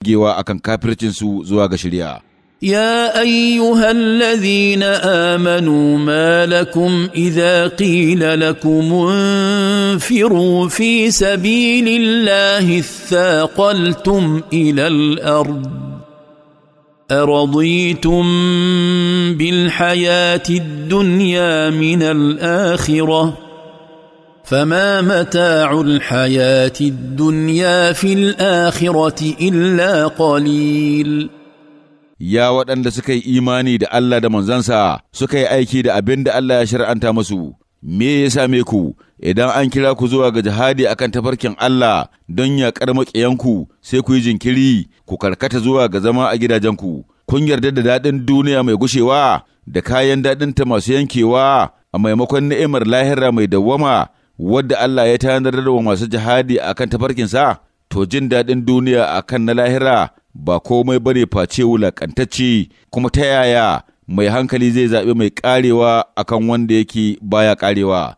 gewa akan kafircinsu zuwa ga shari'a. يا ايها الذين امنوا ما لكم اذا قيل لكم انفروا في سبيل الله اثاقلتم الى الارض ارضيتم بالحياه الدنيا من الاخره فما متاع الحياه الدنيا في الاخره illa قليل ya waɗanda suka yi imani da Allah da manzansa suka yi aiki da abin da Allah ya shari'anta musu, me ya same ku idan an kira ku zuwa ga jihadi akan tafarkin Allah don yaƙar maƙiyanku sai ku yi jinkiri ku karkata zuwa ga zama a gidajenku, kun yarda da daɗin duniya mai gushewa da kayan daɗinta masu yankewa a maimakon ni'imar lahira mai dawwama wadda Allah ya tanadar wa masu jihadi akan tafarkinsa to jin daɗin duniya a kan na lahira ba komai ba ne face wulakantacce kuma ta yaya mai hankali zai zaɓi mai ƙarewa akan wanda yake baya ƙarewa